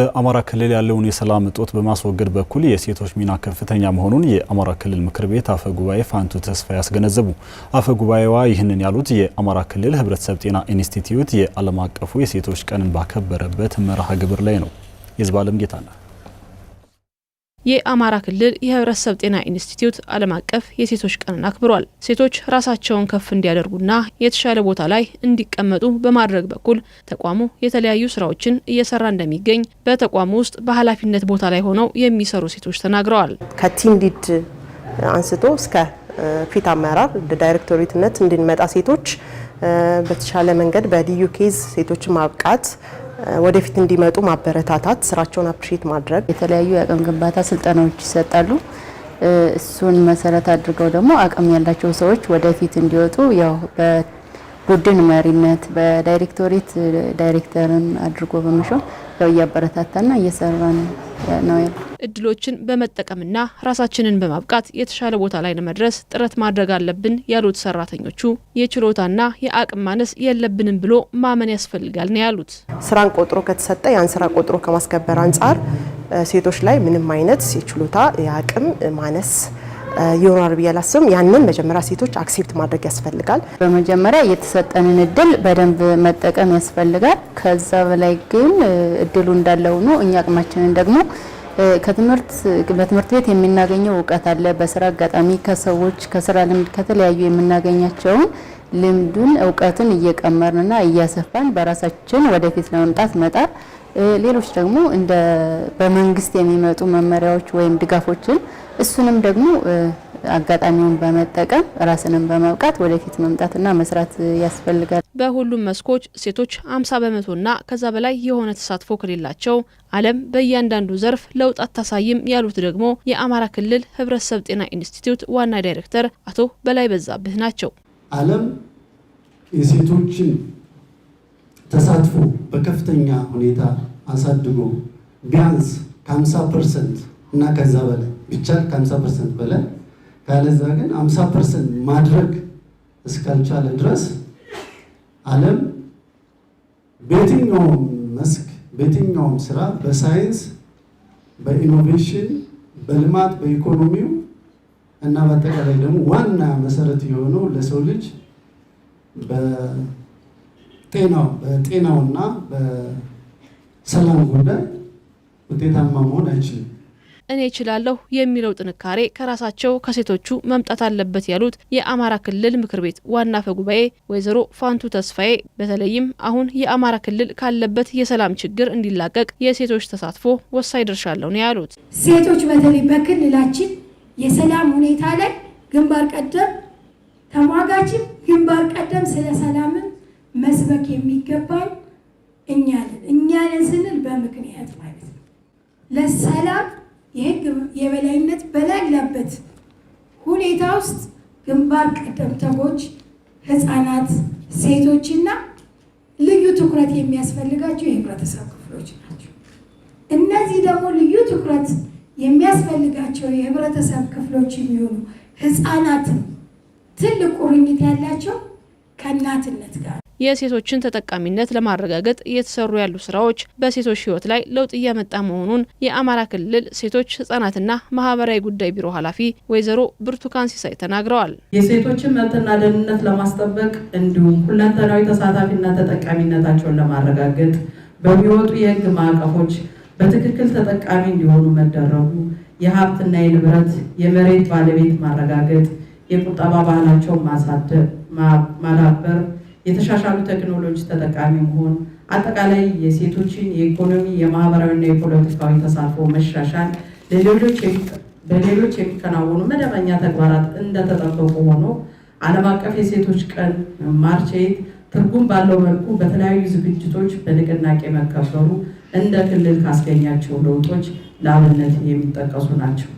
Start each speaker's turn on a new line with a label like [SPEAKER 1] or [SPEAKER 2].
[SPEAKER 1] በአማራ ክልል ያለውን የሰላም እጦት በማስወገድ በኩል የሴቶች ሚና ከፍተኛ መሆኑን የአማራ ክልል ምክር ቤት አፈ ጉባኤ ፋንቱ ተስፋ ያስገነዘቡ። አፈ ጉባኤዋ ይህንን ያሉት የአማራ ክልል ህብረተሰብ ጤና ኢንስቲትዩት የዓለም አቀፉ የሴቶች ቀንን ባከበረበት መርሃ ግብር ላይ ነው። የዝባለም ጌታ
[SPEAKER 2] የአማራ ክልል የህብረተሰብ ጤና ኢንስቲትዩት ዓለም አቀፍ የሴቶች ቀንን አክብሯል። ሴቶች ራሳቸውን ከፍ እንዲያደርጉና የተሻለ ቦታ ላይ እንዲቀመጡ በማድረግ በኩል ተቋሙ የተለያዩ ስራዎችን እየሰራ እንደሚገኝ በተቋሙ ውስጥ በኃላፊነት ቦታ ላይ ሆነው የሚሰሩ ሴቶች ተናግረዋል።
[SPEAKER 3] ከቲም ሊድ አንስቶ እስከ ፊት አመራር ዳይሬክቶሬትነት እንድንመጣ ሴቶች በተሻለ መንገድ በልዩ ኬዝ ሴቶችን ማብቃት ወደፊት እንዲመጡ ማበረታታት፣ ስራቸውን አፕሪሼት ማድረግ፣
[SPEAKER 4] የተለያዩ የአቅም ግንባታ ስልጠናዎች ይሰጣሉ። እሱን መሰረት አድርገው ደግሞ አቅም ያላቸው ሰዎች ወደፊት እንዲወጡ ያው በቡድን መሪነት በዳይሬክቶሬት ዳይሬክተርን አድርጎ በመሾም ያው እያበረታታና እየሰራ ነው። ነው።
[SPEAKER 2] እድሎችን በመጠቀምና ራሳችንን በማብቃት የተሻለ ቦታ ላይ ለመድረስ ጥረት ማድረግ አለብን ያሉት ሰራተኞቹ የችሎታና የአቅም ማነስ የለብንም ብሎ ማመን ያስፈልጋል ነው ያሉት።
[SPEAKER 5] ስራን ቆጥሮ ከተሰጠ ያን ስራ ቆጥሮ ከማስከበር አንጻር ሴቶች ላይ ምንም አይነት የችሎታ የአቅም ማነስ ይሆናል ብዬ አላስብም። ያንን መጀመሪያ ሴቶች አክሴፕት ማድረግ ያስፈልጋል።
[SPEAKER 4] በመጀመሪያ የተሰጠንን እድል በደንብ መጠቀም ያስፈልጋል። ከዛ በላይ ግን እድሉ እንዳለ ሆኖ እኛ አቅማችንን ደግሞ ከትምህርት በትምህርት ቤት የምናገኘው እውቀት አለ። በስራ አጋጣሚ ከሰዎች ከስራ ልምድ ከተለያዩ የምናገኛቸውን ልምዱን እውቀትን እየቀመርንና እያሰፋን በራሳችን ወደፊት ለመምጣት መጣር፣ ሌሎች ደግሞ እንደ በመንግስት የሚመጡ መመሪያዎች ወይም ድጋፎችን እሱንም ደግሞ አጋጣሚውን በመጠቀም ራስንም በመብቃት ወደፊት መምጣትና መስራት ያስፈልጋል።
[SPEAKER 2] በሁሉም መስኮች ሴቶች አምሳ በመቶና ከዛ በላይ የሆነ ተሳትፎ ከሌላቸው ዓለም በእያንዳንዱ ዘርፍ ለውጥ አታሳይም ያሉት ደግሞ የአማራ ክልል ህብረተሰብ ጤና ኢንስቲትዩት ዋና ዳይሬክተር አቶ በላይ በዛብህ ናቸው።
[SPEAKER 6] ዓለም የሴቶችን ተሳትፎ በከፍተኛ ሁኔታ አሳድጎ ቢያንስ ከ50 ፐርሰንት እና ከዛ በላይ ቢቻል ከ50 ፐርሰንት በላይ ካለዛ ግን 50 ፐርሰንት ማድረግ እስካልቻለ ድረስ ዓለም በየትኛውም መስክ በየትኛውም ስራ በሳይንስ በኢኖቬሽን በልማት በኢኮኖሚው እና በአጠቃላይ ደግሞ ዋና መሰረት የሆነው ለሰው ልጅ በጤናው በጤናውና በሰላም ጉዳይ ውጤታማ መሆን አይችልም።
[SPEAKER 2] እኔ እችላለሁ የሚለው ጥንካሬ ከራሳቸው ከሴቶቹ መምጣት አለበት ያሉት የአማራ ክልል ምክር ቤት ዋና አፈ ጉባኤ ወይዘሮ ፋንቱ ተስፋዬ በተለይም አሁን የአማራ ክልል ካለበት የሰላም ችግር እንዲላቀቅ የሴቶች ተሳትፎ ወሳኝ ድርሻ አለው ነው ያሉት።
[SPEAKER 7] ሴቶች በተለይ በክልላችን የሰላም ሁኔታ ላይ ግንባር ቀደም ተሟጋችም ግንባር ስለ ሰላምን መስበክ የሚገባው እኛ ነን። እኛ ነን ስንል በምክንያት ማለት ነው። ለሰላም የህግ የበላይነት በሌለበት ሁኔታ ውስጥ ግንባር ቀደም ተጎጂ ህፃናት፣ ሴቶችና ልዩ ትኩረት የሚያስፈልጋቸው የህብረተሰብ ክፍሎች ናቸው። እነዚህ ደግሞ ልዩ ትኩረት የሚያስፈልጋቸው የህብረተሰብ ክፍሎች የሚሆኑ ህፃናትን ትልቅ ቁርኝት ያላቸው ከእናትነት ጋር
[SPEAKER 2] የሴቶችን ተጠቃሚነት ለማረጋገጥ እየተሰሩ ያሉ ስራዎች በሴቶች ህይወት ላይ ለውጥ እያመጣ መሆኑን የአማራ ክልል ሴቶች ህጻናትና ማህበራዊ ጉዳይ ቢሮ ኃላፊ ወይዘሮ ብርቱካን ሲሳይ ተናግረዋል።
[SPEAKER 8] የሴቶችን መብትና ደህንነት ለማስጠበቅ እንዲሁም ሁለንተናዊ ተሳታፊና ተጠቃሚነታቸውን ለማረጋገጥ በሚወጡ የህግ ማዕቀፎች በትክክል ተጠቃሚ እንዲሆኑ መደረጉ፣ የሀብትና የንብረት የመሬት ባለቤት ማረጋገጥ፣ የቁጠባ ባህላቸውን ማሳደግ ማዳበር፣ የተሻሻሉ ቴክኖሎጂ ተጠቃሚ መሆን፣ አጠቃላይ የሴቶችን የኢኮኖሚ የማህበራዊና የፖለቲካዊ ተሳትፎ መሻሻል በሌሎች የሚከናወኑ መደበኛ ተግባራት እንደተጠበቁ ሆኖ ዓለም አቀፍ የሴቶች ቀን ማርች ኤይት ትርጉም ባለው መልኩ በተለያዩ ዝግጅቶች በንቅናቄ መከበሩ እንደ ክልል ካስገኛቸው ለውጦች ለአብነት የሚጠቀሱ ናቸው።